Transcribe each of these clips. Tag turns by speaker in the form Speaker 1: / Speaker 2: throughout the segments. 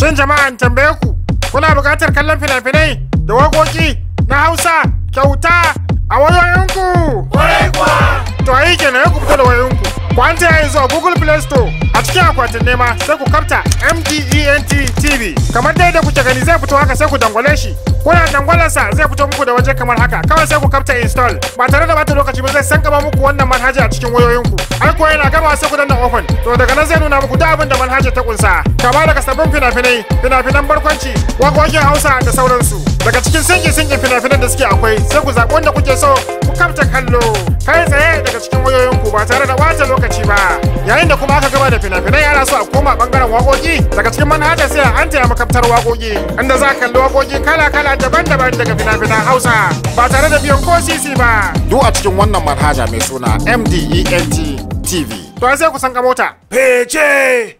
Speaker 1: Shin jama'an tambaye ku kuna buƙatar kallon fina-finai da waƙoƙi na Hausa kyauta a wayoyinku? Ƙwarai kuwa! To ayi kenan ya ku fito da wayoyinku. Ku ya ta yanzu a Google Play Store a cikin akwatin nema sai ku kafta MDENT TV. Kamar dai da kuke gani zai fito haka sai ku dangwale shi. Kuna dangwalarsa zai fito muku da waje kamar haka kawai sai ku kafta install ba tare da bata lokaci ba zai san gaba muku wannan manhaja a cikin wayoyinku. Ai kuwa yana gama sai ku danna open to daga nan zai nuna muku duk abin da manhaja ta kunsa. Kama daga sabbin fina-finai, fina-finan barkwanci, waƙoƙin Hausa da sauransu. daga cikin singin-singin fina-finan da suke akwai sai ku zaɓi wanda kuke so ku kamta kallo kai tsaye daga cikin wayoyin ku ba tare da wata lokaci ba yayin da kuma aka gaba da fina-finai ana so a koma bangaren wakoki daga cikin manhajar sai an taya makaftar wakoki inda za kalli wakoki kala-kala daban-daban daga fina-finan hausa ba tare da biyan ko sisi ba duk a cikin wannan manhaja mai suna mdent tv to sai ku san ka mota fece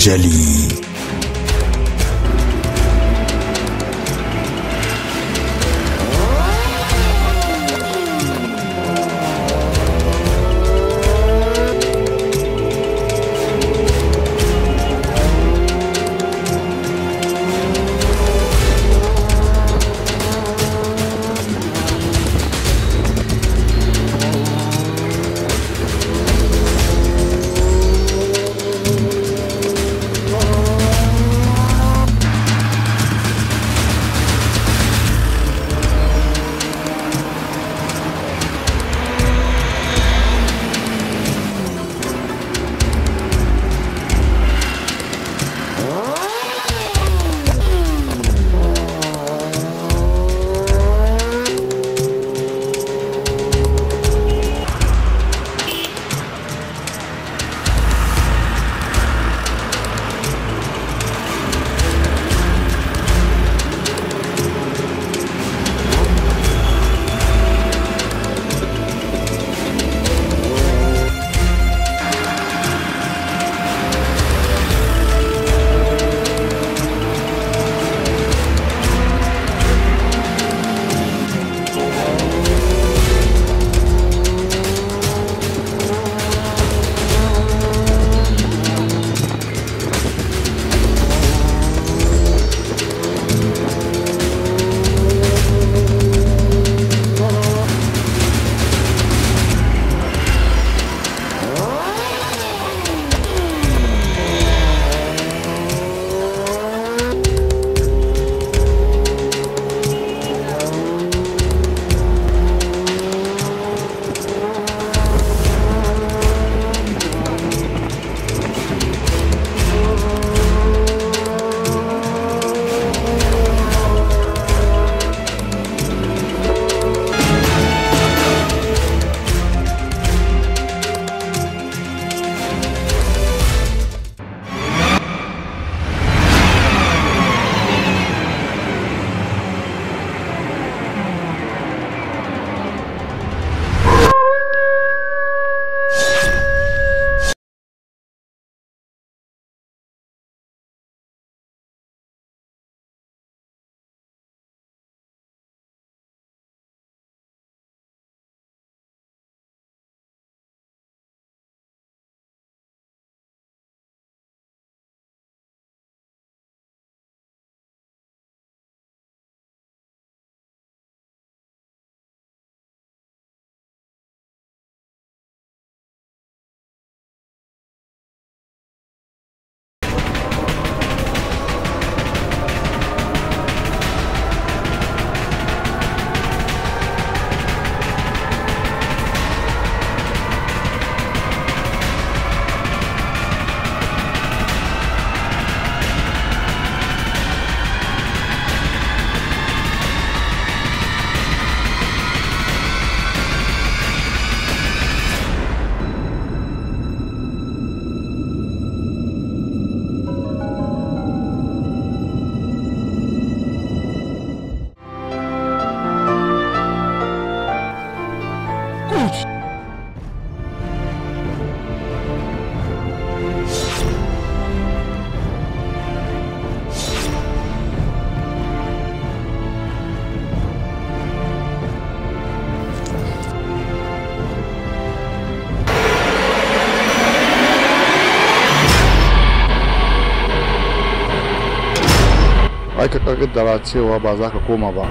Speaker 1: Jali. aka kaddara cewa ba za ka koma ba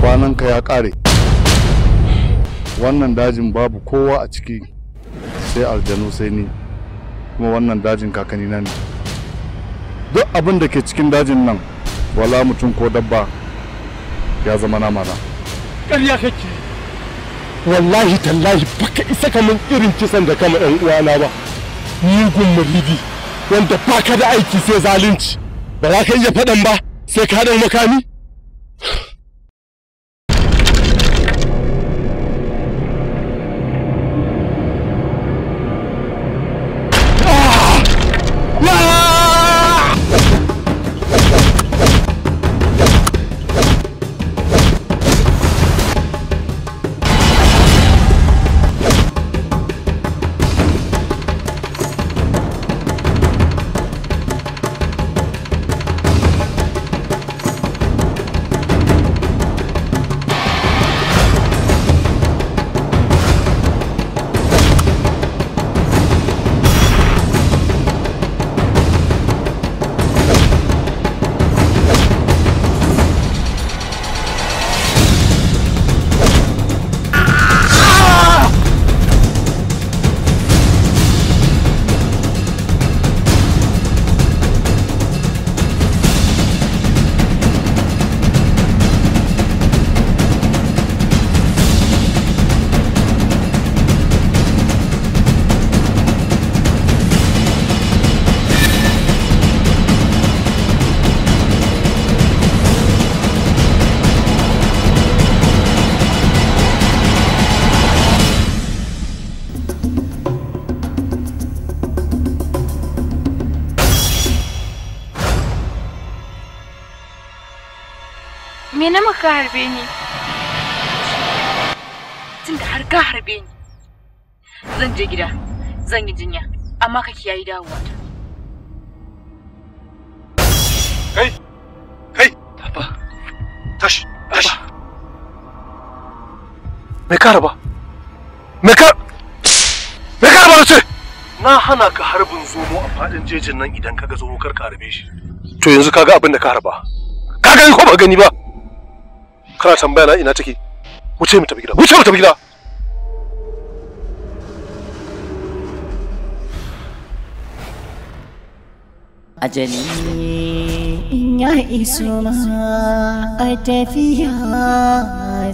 Speaker 1: kwananka ya kare. wannan dajin babu kowa a ciki sai aljanu sai ni kuma wannan dajin na ne duk abin da ke cikin dajin nan wala mutum ko dabba ya zama na mana
Speaker 2: ƙarya kake wallahi tallahi baka isa kamar irin kisan da kama ɗan uwana ba mugun maridi wanda baka da aiki sai zalunci ba za ka iya faɗan ba sai ka makami
Speaker 3: ka zan je gida zan yi jinya amma ka kiyaye dawowa
Speaker 2: kai kai papa
Speaker 3: tashi tashi
Speaker 2: me ka harba me ka me ka harba ce na hana ka harbin zomo a fadin jejin nan idan kaga zomo kar ka harbe shi to yanzu kaga abin da ka harba ka gani ko gani ba kana tambaya na ina take wuce mu tafi gida wuce mu tafi gida
Speaker 4: ajali in ya iso ma a tafiya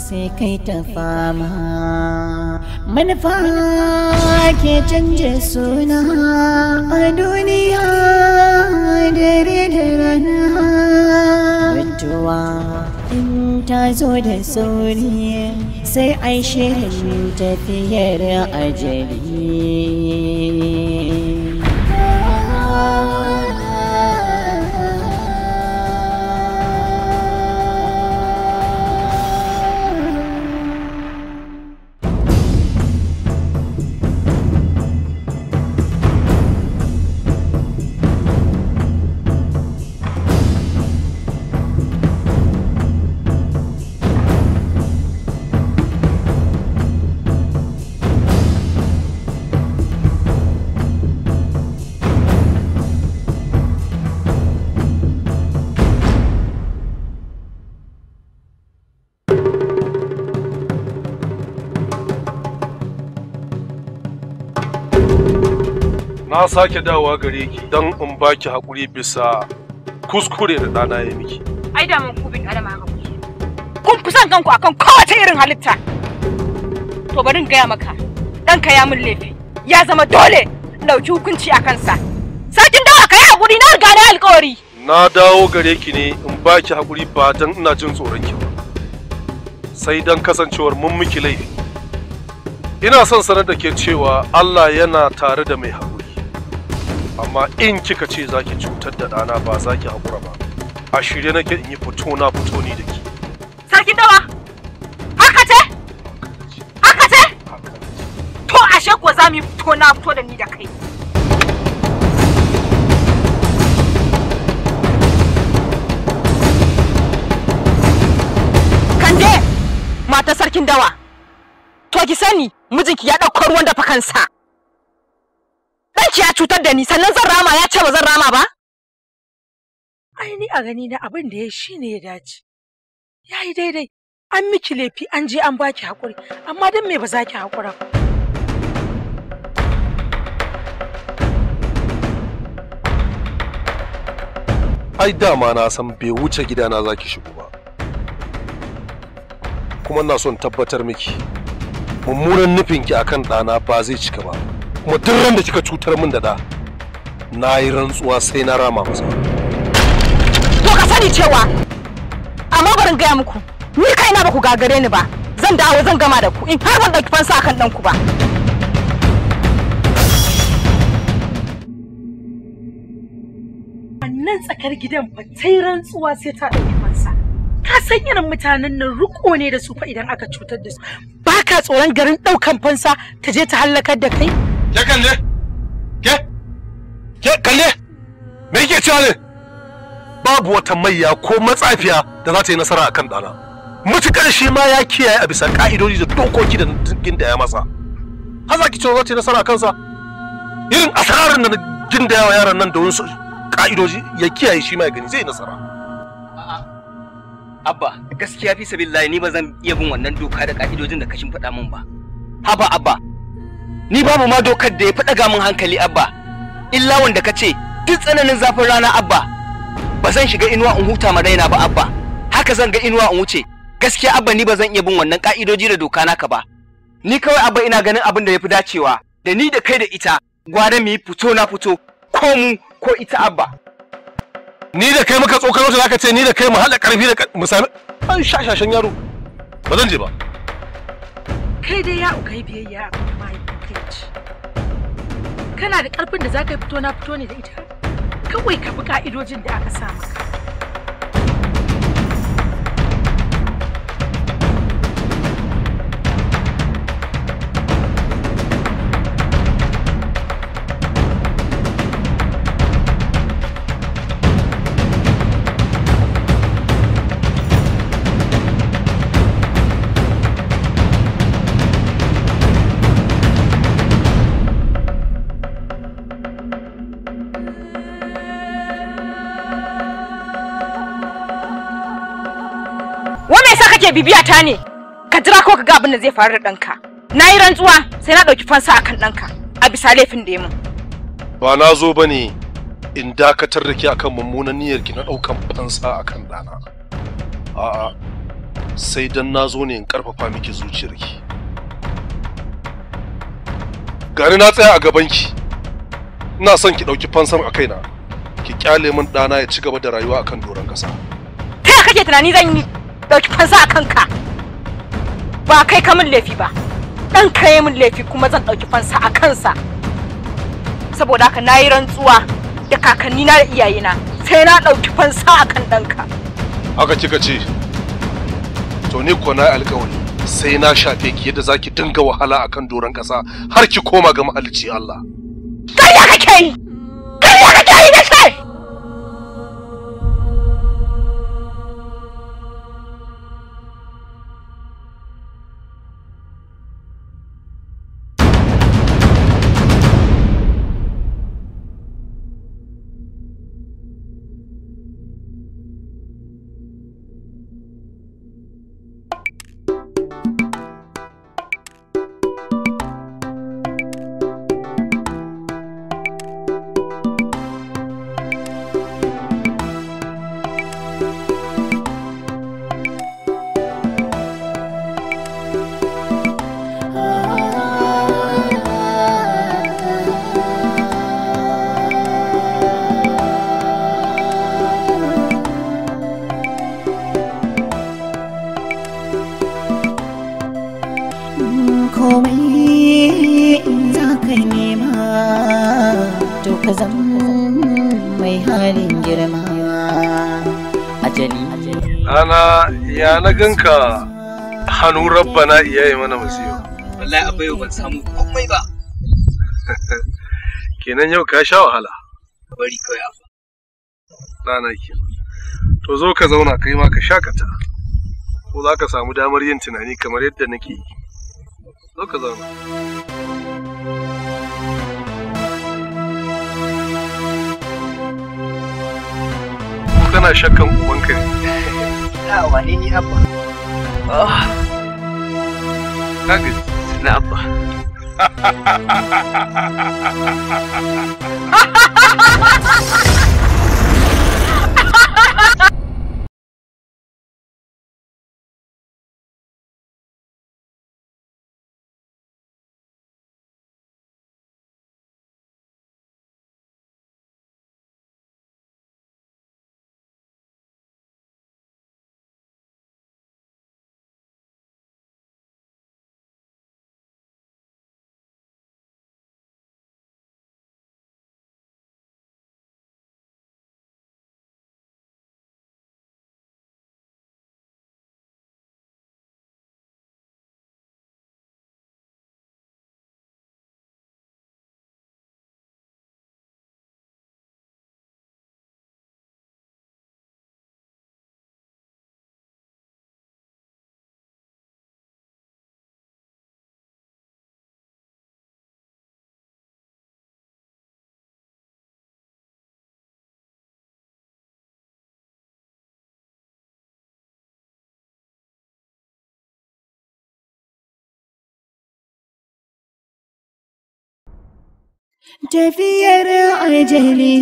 Speaker 4: sai kai ta fama manufa ke canje suna a duniya dare da rana jituwa in ta zo da sauri sai ai ai tafiyar đi
Speaker 2: na sake dawowa gare ki don in baki haƙuri bisa kuskure da ɗana ya miki.
Speaker 5: Ai da mun kubin alama ga kuke. Kun fi son kanku akan kowace irin halitta. To bari in gaya maka, ɗanka ya mun laifi, ya
Speaker 3: zama dole ɗauki hukunci a kansa. Sarkin dawa ka yi haƙuri na riga na alƙawari.
Speaker 2: Na dawo gare ki ne in baki haƙuri ba don ina jin tsoron ki ba. Sai don kasancewar mun miki laifi. Ina son sanar da ke cewa Allah yana tare da mai haƙuri. amma in kika ce za ki cutar da ɗana ba za ki haƙura ba a shirye nake in yi fito na fito ni da ke.
Speaker 5: sarki dawa haka ce haka ce to she ko za mu yi fito na fito da ni da kai kande
Speaker 3: mata sarkin dawa to ki sani mijinki ya ɗauko ruwan dafa kansa Ki ya cutar da ni sannan zan rama ya ce ba zan rama ba
Speaker 5: ai ni a gani na abin da ya shi ne ya dace ya yi daidai an miki laifi an je an baki haƙuri amma don me ba za ki haƙura ba
Speaker 2: ai dama na san bai wuce gidana za ki shigo ba kuma na son tabbatar miki mummunan nufinki akan ɗana ba zai cika ba kuma duk ran da kika cutar min da da na yi rantsuwa sai na rama masa
Speaker 5: to ka sani cewa amma barin gaya muku ni kaina ba ku gagare ni ba zan dawo zan gama da ku in har ban ɗauki fansa kan ɗanku ba wannan tsakar gidan ba ta yi rantsuwa sai ta ɗauki fansa ka san irin mutanen nan riko ne da su fa idan aka cutar da su ba ka tsoron garin ɗaukan fansa ta je ta hallakar da kai
Speaker 2: gel kalle? Ke? Ke kalle? Me yake cewa ne? Babu wata mayya ko matsafiya da za ta yi nasara akan ɗana. Mutukar shi ma ya kiyaye a bisa ƙa'idodi da dokoki da da ya masa. za ki cewa za ta yi nasara kansa? Irin asararin da ginda yawa yaran nan da wasu ƙa'idoji ya kiyaye shi
Speaker 6: ma ya gani zai yi nasara. Abba, gaskiya fi sabillahi ni ba zan iya bin wannan doka da ƙa'idojin da kashin faɗa min ba. Haba Abba, ni babu ma dokar da ya fi ɗaga hankali abba illa wanda ka ce duk tsananin zafin rana abba ba zan shiga inuwa in huta ma raina ba abba haka zan ga inuwa in wuce gaskiya abba ni ba zan iya bin wannan ka'idoji da doka naka ba ni kawai abba ina ganin abin da ya fi dacewa da ni da kai da ita gwada mu yi fito na fito ko mu ko ita abba ni da kai muka tsokano ta zaka ce ni da kai mu haɗa ƙarfi da mu sami an shashashen yaro
Speaker 2: ba zan je ba
Speaker 5: kai dai ya ukai biyayya abin kana da karfin da za ka fito na fito ne da ita kawai ka bi ka'idojin da aka sa maka kake bibiya ta ne ka jira ko ka ga abin da zai faru da ɗanka na yi rantsuwa sai na ɗauki fansa akan ɗanka a
Speaker 6: bisa laifin da ya mun
Speaker 2: ba na zo ba ne in dakatar da ke akan mummunan niyyar ki na ɗaukan fansa akan ɗana a'a sai dan na zo ne in ƙarfafa miki zuciyarki gani na tsaya a ki ina son ki ɗauki fansar a kaina ki kyale min ɗana ya ci gaba da rayuwa akan doron ƙasa
Speaker 3: ta kake tunani zan yi ɗauki fansa a kanka
Speaker 5: ba kai ka min laifi ba dan ka yi min laifi kuma zan ɗauki fansa a kansa
Speaker 3: saboda haka na yi rantsuwa da kakanni na da iyayena sai na ɗauki
Speaker 6: fansa a kan ɗanka
Speaker 2: haka kika ce to ni ko na alƙawari sai na shafe ki yadda zaki dinga wahala akan doron kasa har ki koma ga mahalicci Allah.
Speaker 4: Karya kake yi! Karya kake yi na
Speaker 2: Ana ya na ganka hannu Rabba na iyaye mana musiyo.
Speaker 6: Wallahi abai ban samu komai ba.
Speaker 2: Kenan yau ka sha wahala.
Speaker 7: Bari kawai abu.
Speaker 2: Rana ke. To zo ka zauna kai ma ka shakata. Ko za ka samu damar yin tunani kamar yadda nake yi. Zo ka zauna. kana shakkan ubanka
Speaker 6: ne tahu ini apa.
Speaker 2: Oh. bagus. Kenapa? Ha
Speaker 7: ha
Speaker 4: tafiyar ajali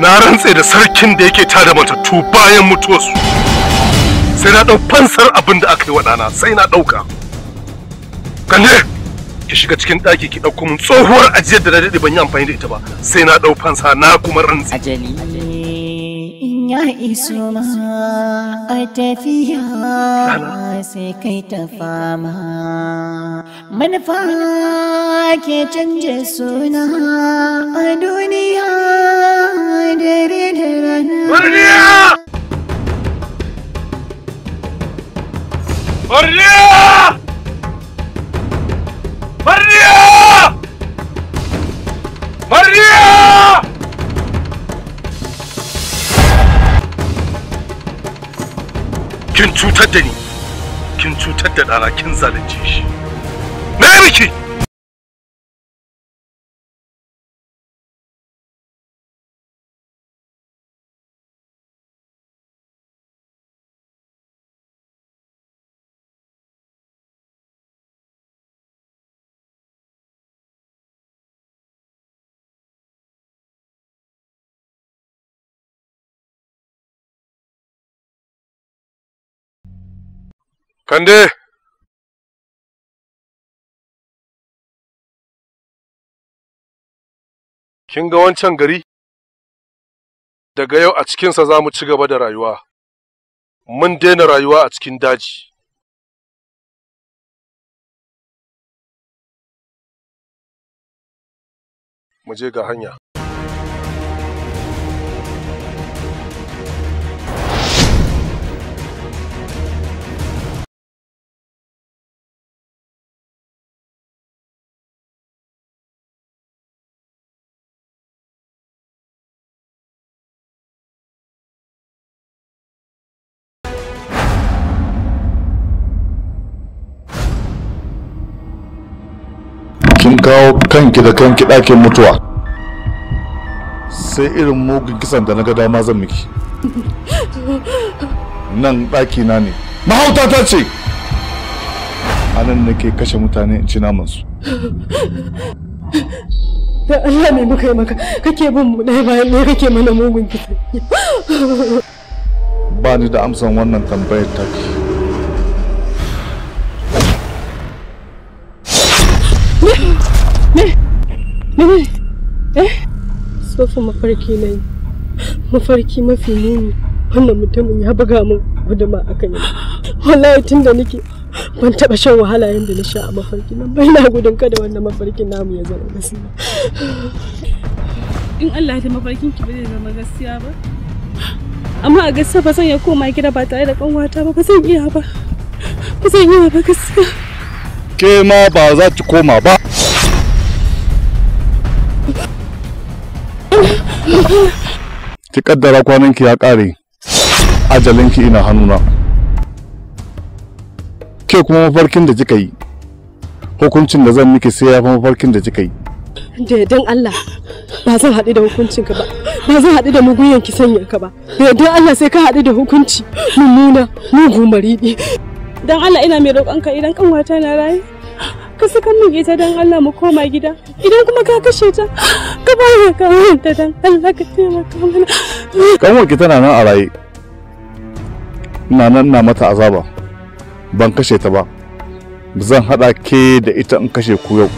Speaker 2: na rantse da sarkin da yake tada matattu bayan mutuwarsu sai na ɗau fansar abin da aka yi waɗana sai na ɗauka kalle ki shiga cikin ɗaki ki ɗauko mun tsohuwar ajiyar da na daɗe ban yi amfani da ita ba sai na ɗau fansa na kuma rantsi. ajali
Speaker 4: ya iso ma a tafiya sai kai ta fama manufa ke canje suna a duniya dare da rana Barriya!
Speaker 7: Barriya!
Speaker 2: Barriya! kin cutar da ni kin cutar da dana kin zalunce shi
Speaker 7: me miki Kande! Kin ga wancan gari? Daga yau a cikinsa za mu ci gaba da rayuwa. Mun daina rayuwa a cikin daji.
Speaker 2: Mu je ga hanya. kawo
Speaker 1: kanki da kanki ɗakin mutuwa sai irin mugun kisan da na ga dama zan miki nan ɗakina na ne mahauta ta ce anan nake kashe mutane in ci namansu
Speaker 5: da Allah ne muka yi maka kake bin mu ɗaya bayan ɗaya kake mana mugun kisan
Speaker 1: ba ni da amsan wannan tambayar take
Speaker 5: Eh, eh. sofa mafarki na yi mafarki mafi muni wannan mutumin ya buga min guduma a kan wallahi tun da nake ban taba shan wahala yadda na sha a mafarki nan
Speaker 6: bai na gudun kada wannan mafarkin namu ya
Speaker 5: zama gaskiya in Allah ta mafarkin ki ba zama gaskiya ba amma a gaskiya ba zan koma gida ba tare da kanwata ba ba zan iya ba
Speaker 3: ba zan iya ba gaskiya
Speaker 1: ke ma ba za ki koma ba ki kaddara kwananki ya ƙare ajalinki ina hannuna ke kuma mafarkin da kika yi hukuncin da zan miki sai ya fi mafarkin da kika yi
Speaker 3: da yardan Allah ba
Speaker 5: zan haɗu da hukuncinka ba ba zan haɗu da mugun ki sanya ka ba da yardan Allah sai ka haɗu da hukunci mummuna mugu mariɗi dan Allah ina mai roƙonka idan wata na rayu ka saka min ita don Allah mu koma gida idan kuma ka kashe ta ka ba ni kawai ta don Allah ka taimaka mana
Speaker 1: kanwar ki tana nan a raye ina nan na mata azaba ban kashe ta ba zan hada ke da ita in kashe ku yau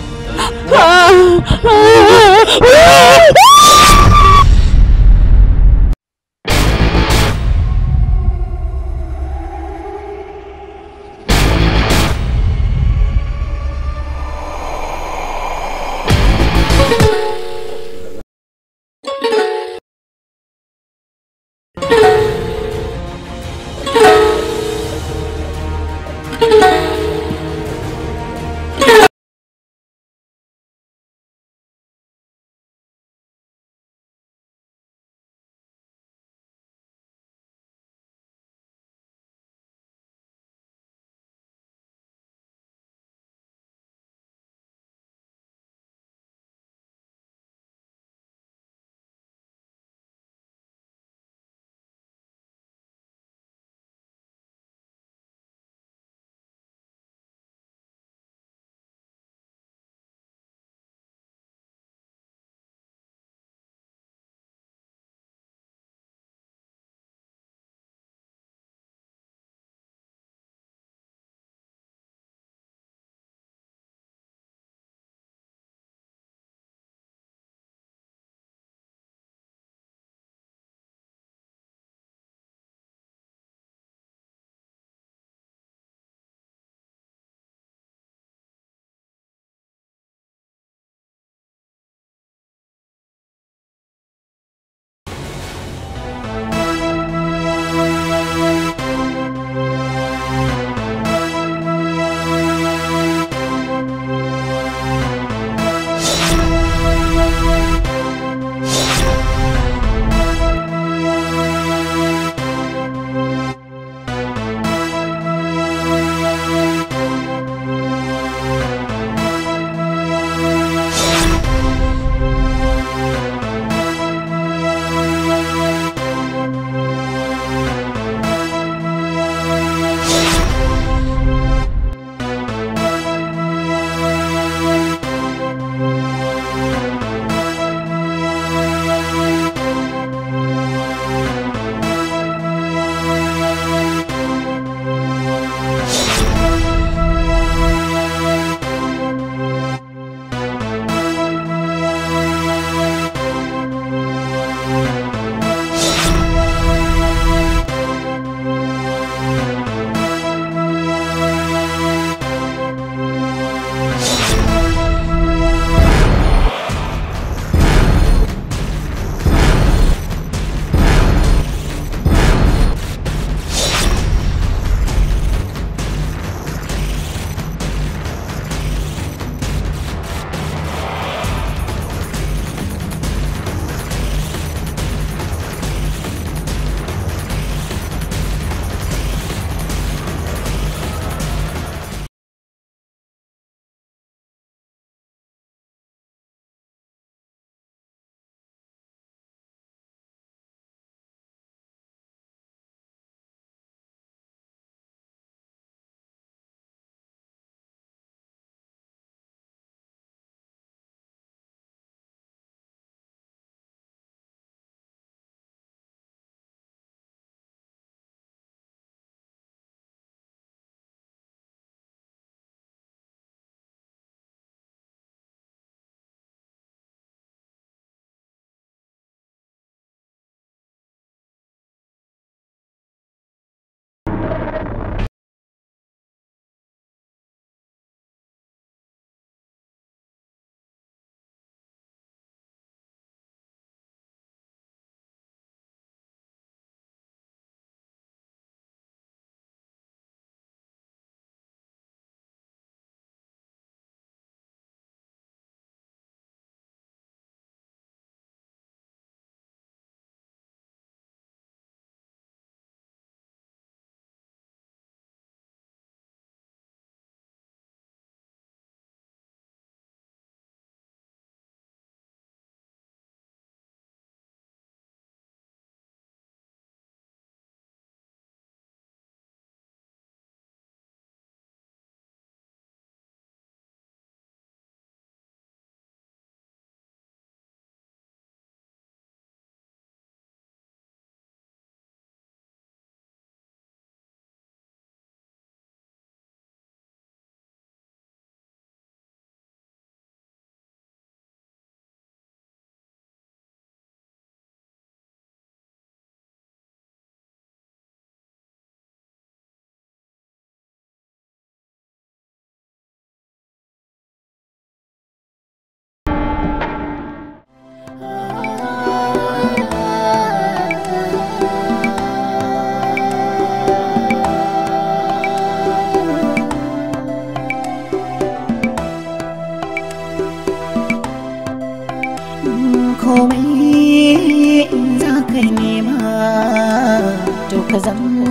Speaker 4: because I'm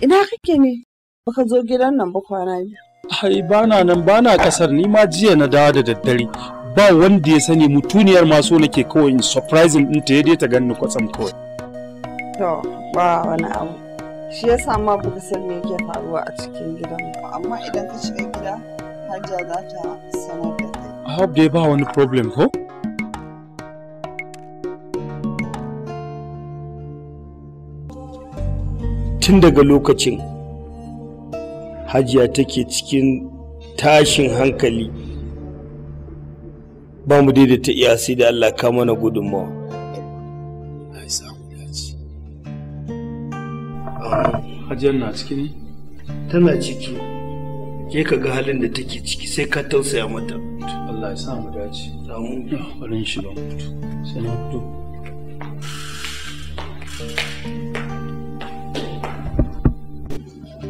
Speaker 4: Ina kake ne? Baka zo gidan nan ba kwana biyu.
Speaker 7: Ai bana nan bana kasar ni ma jiya na
Speaker 3: dawo da daddare. Ba wanda ya sani mutuniyar maso nake kawai in surprising din ta dai ta ganni kwatsam kawai.
Speaker 6: To ba wani abu. Shi ya sa ma buka san me
Speaker 4: yake faruwa a cikin gidan ba amma idan ka shiga gida hajja za ta sanar da
Speaker 3: kai. I hope dai ba wani problem ko?
Speaker 6: tun daga lokacin hajiya take cikin tashin hankali ba mu daidaita iya sai da Allah ka mana gudunmawa hajiyar na ciki ne tana ciki ke ka ga halin da take ciki sai ka tausaya mata Allah ya sa mu dace amin barin shi ba mutu
Speaker 3: sai na mutu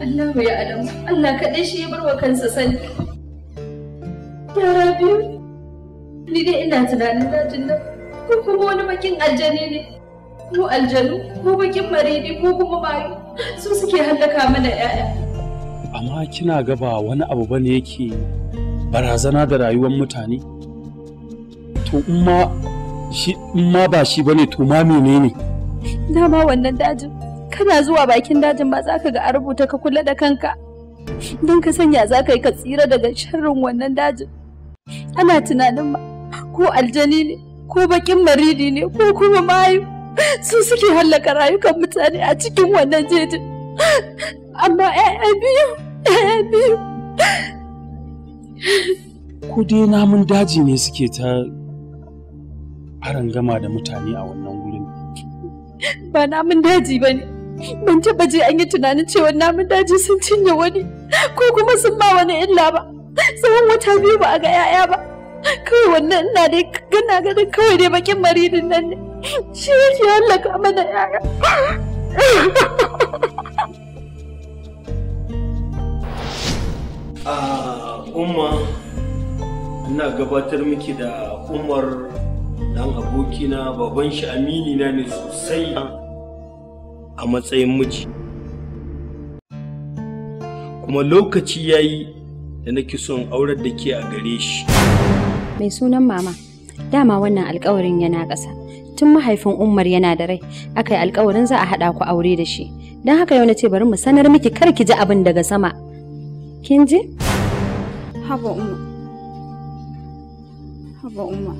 Speaker 3: Allahu ya Adamu. Allah kaɗai shi ya bar wa kansa sani. Yara biyu, ni dai ina tunanin dajin nan ko kuma wani makin aljani ne. Ko aljanu ko bakin maridi ko kuma mayu su
Speaker 1: suke hallaka mana
Speaker 5: ‘ya'ya.
Speaker 3: Amma kina gaba wani abu bane yake barazana da rayuwar mutane? To, in ma ba shi bane to ma menene? Dama wannan dajin kana zuwa bakin dajin ba za ka ga a rubuta ka kula da kanka don ka sanya za ka yi ka tsira daga sharrin wannan dajin ana tunanin ma ko aljani ne ko bakin maridi ne ko kuma mayu su suke hallaka rayukan mutane a cikin wannan jejin amma
Speaker 7: ya'ya biyu ya'ya biyu
Speaker 3: ko dai namun daji ne suke ta arangama da mutane a wannan wurin ba namun daji ba ne ban taba je an yi tunanin cewa namun daji sun cinye wani ko kuma sun ba wani illa ba tsawon wata biyu ba a ga 'ya'ya ba kawai wannan ina dai gana ganin kawai dai bakin maridin nan ne shi yake
Speaker 7: hallaka mana 'ya'ya
Speaker 6: ah, umma ina gabatar miki da umar dan abokina baban shi amini na ne sosai a matsayin miji kuma lokaci ya yi da nake son aurar da ke a gare shi
Speaker 5: mai sunan mama dama wannan alkawarin yana ƙasa tun mahaifin umar yana da rai aka yi alkawarin za a haɗa ku aure da shi don haka yau na ce bari mu sanar miki kar ki ji abin daga sama kin ji haba umma haba umma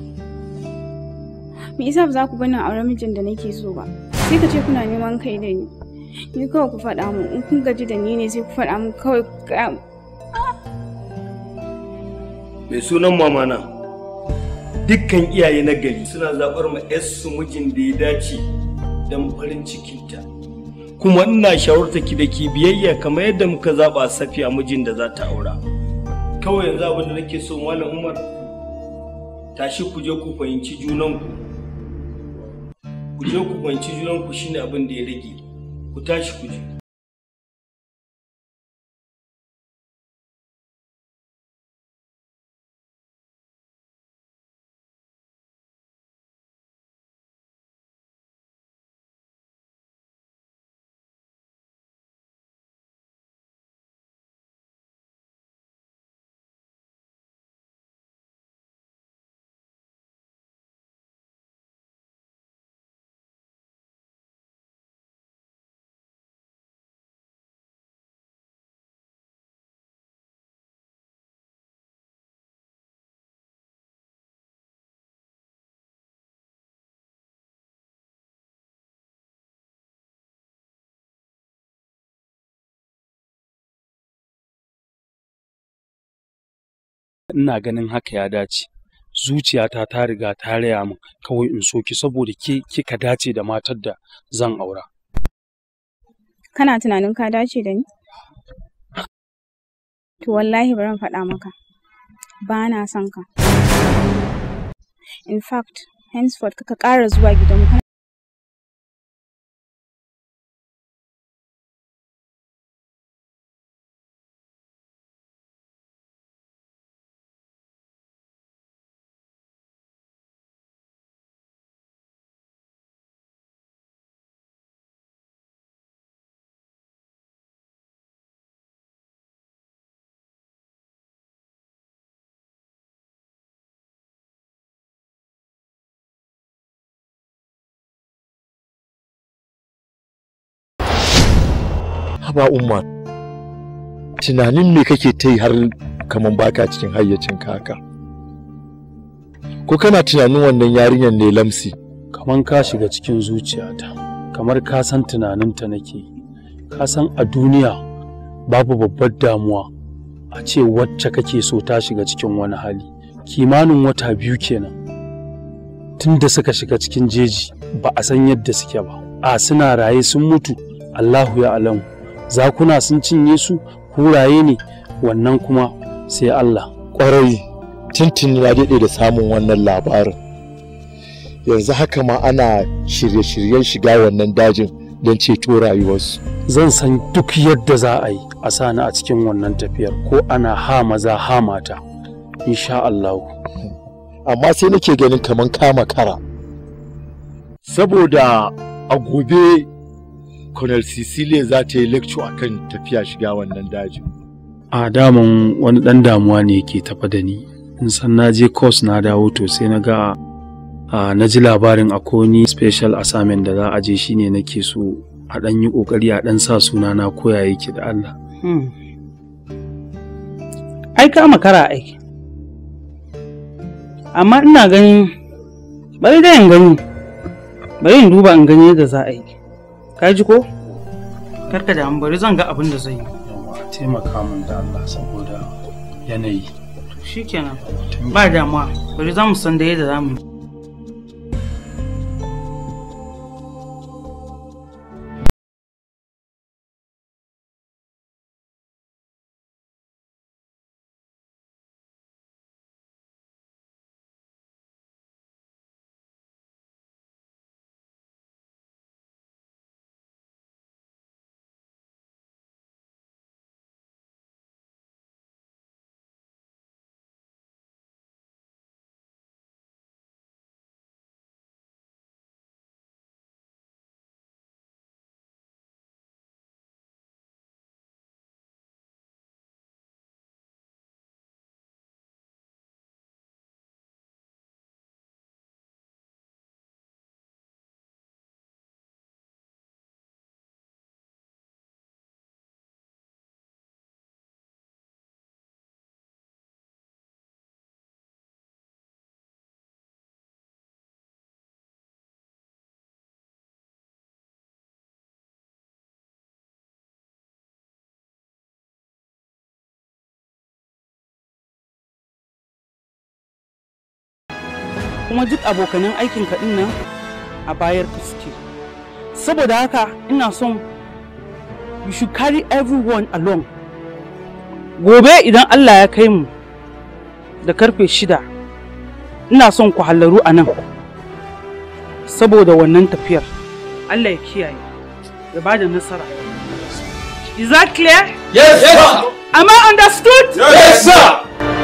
Speaker 5: me yasa ba za ku bani auren mijin da nake so ba sai ka ce kuna neman kai da ni ni kawai ku faɗa mu in kun gaji da ni ne sai ku faɗa mu kawai
Speaker 6: mai sunan mamana, dukkan iyaye na gari suna zaɓar ma su mijin da ya dace don farin cikinta kuma ina shawarta ki da ki biyayya kamar yadda muka zaɓa safiya mijin da za ta aura kawai yanzu abin da nake so malam umar tashi ku je ku fahimci junanku ku je ku banci junanku shine abin da ya rage ku tashi ku je
Speaker 7: ina ganin haka ya dace zuciyata ta riga ta raya min kawai in soki saboda ke kika dace
Speaker 3: da matar da zan aura
Speaker 5: kana tunanin ka dace da ni to wallahi bari faɗa maka ba na son ka
Speaker 7: in fact henceforth ka ƙara zuwa gidanmu
Speaker 6: ba umma tunanin me kake ta yi har kaman baka cikin hayyacin haka ko kana tunanin wannan yarinyar ne lamsi
Speaker 3: kaman ka shiga cikin zuciyata kamar ka san tunaninta nake ka san a duniya babu babbar damuwa a ce wacce kake so ta shiga cikin wani hali kimanin wata biyu kenan tun da suka shiga cikin jeji ba a san yadda suke ba a suna raye sun mutu allahu ya alamu zakuna sun cinye su kuraye ne wannan kuma sai Allah Kwarai, tintini ya daɗe da samun wannan labarin yanzu haka ma ana shirye-shiryen shiga wannan dajin don ceto rayuwarsu zan san duk yadda za a yi a sani a cikin wannan tafiyar ko ana ha maza ha mata insha Allah
Speaker 6: amma sai nake ganin kamar kama kara saboda a gobe Colonel Cecilia za ta yi lecture akan tafiya shiga wannan dajin.
Speaker 3: A daman wani ɗan damuwa ne ke tafa da ni. In san na je course na dawo to sai na ga a na ji labarin akoni special assignment da za a je shine nake so a ɗan yi ƙoƙari a ɗan sa suna na koya yake da Allah.
Speaker 5: Hmm. Ai ka makara aiki. Amma ina ganin bari da in gani bari in duba in gani yadda za a yi. Ka ji ko? Karka da bari zan ga abin da zai yi. Yawa taimaka min da Allah saboda yanayi. Shikenan. Ba damuwa. Bari za mu san da yadda za yi.
Speaker 7: kuma duk abokanin aikinka din nan a bayar suke
Speaker 5: saboda haka ina son you should carry everyone along gobe idan Allah ya kai mu da karfe shida ina son ku hallaru a nan saboda wannan tafiyar Allah ya kiyaye ya ba da nasara is that clear yes sir am i understood yes sir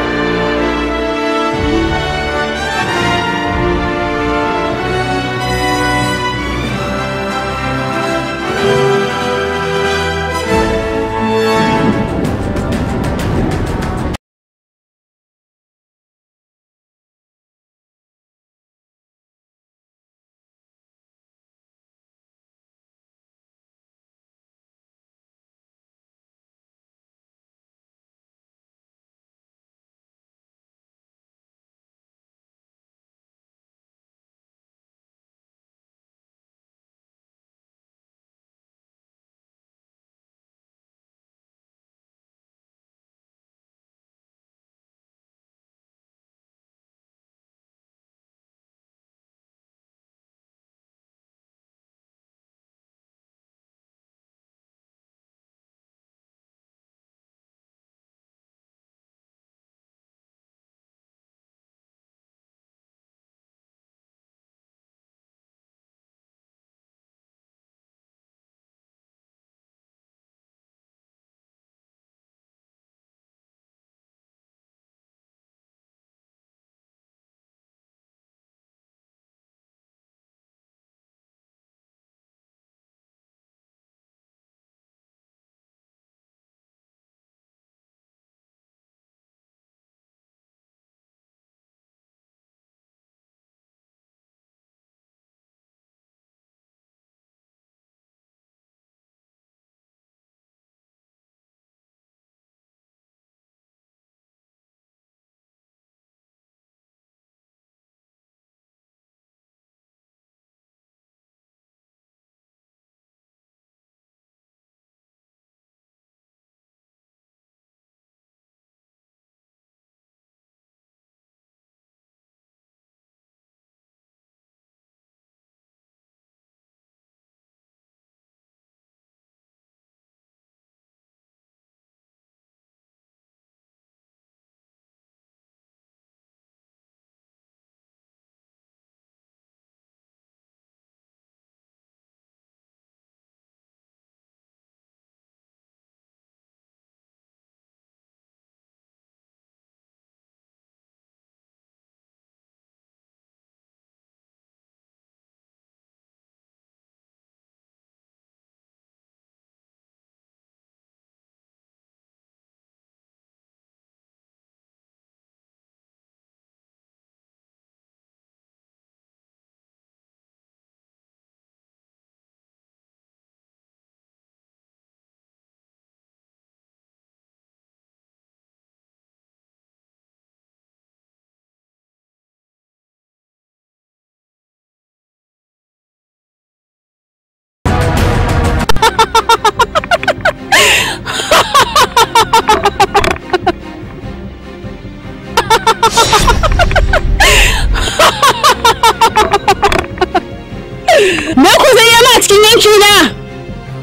Speaker 4: Na
Speaker 3: ku zai a cikin yanki na?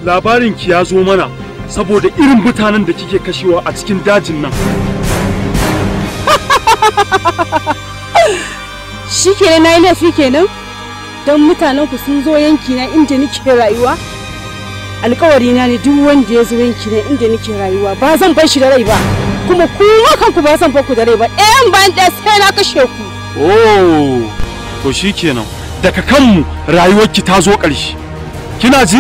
Speaker 3: Labarin ki ya zo mana saboda irin mutanen da kike kashewa a cikin dajin nan.
Speaker 5: Shi kenan na yi laifi kenan? Don mutanen ku sun zo yankina na inda nike rayuwa? alkawari na ne duk wanda ya zo yanki na inda nake rayuwa ba zan bar shi da rai ba kuma ku kanku ba zan ku da rai ba ɗayan bayan ɗaya sai na kashe
Speaker 3: ku oh to shikenan daga kanmu rayuwarki ta zo ƙarshe kina ji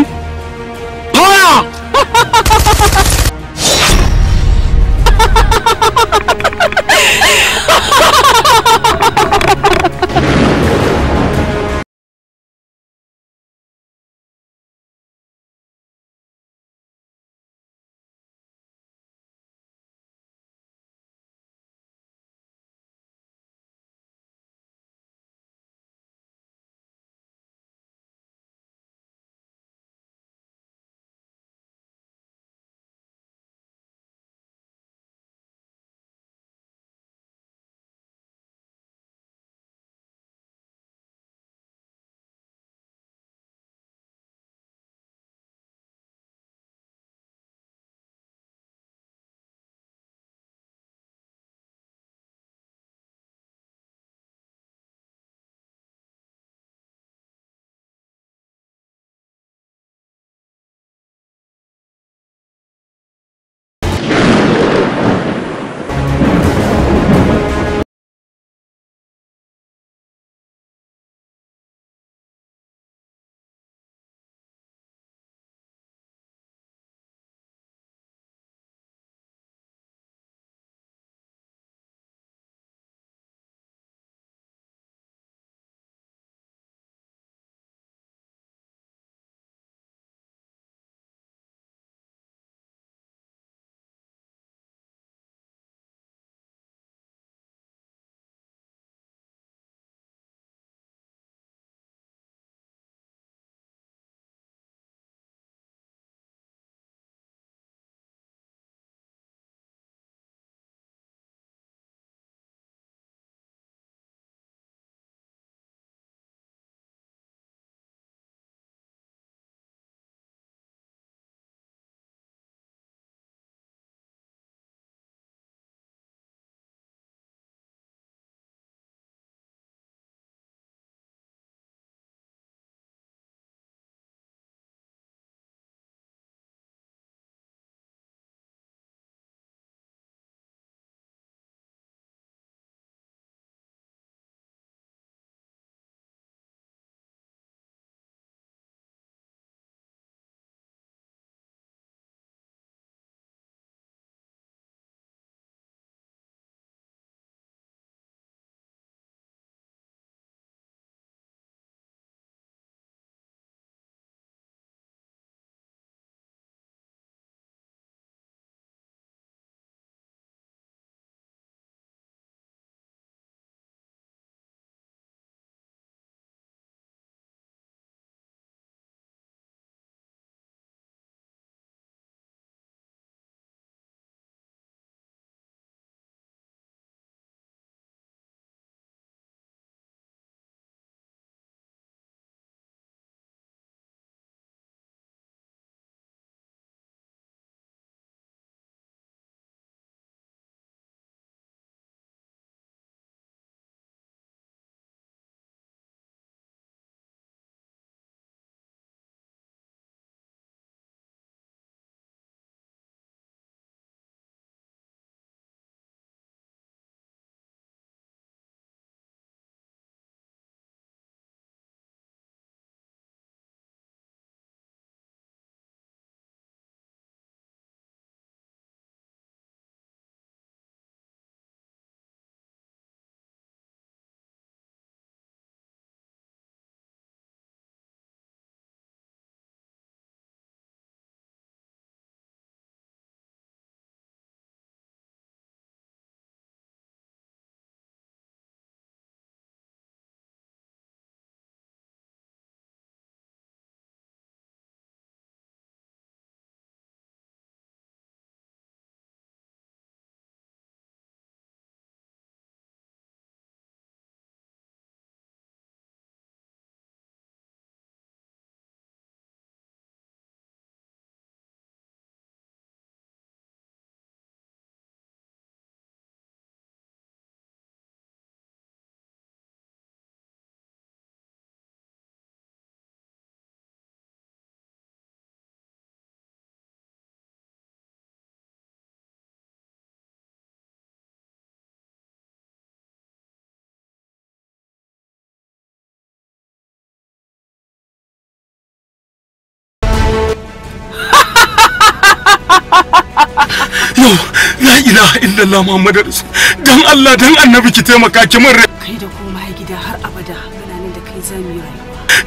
Speaker 3: yau la ilaha illallah muhammadu rasul dan allah dan annabi ki taimaka ki min kai
Speaker 5: da koma gida har abada kana da kai zan yi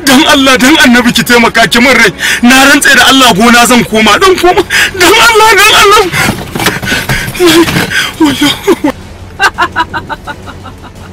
Speaker 3: dan allah dan annabi ki taimaka ki min rai na rantse da allah gona zan koma dan koma dan allah dan annabi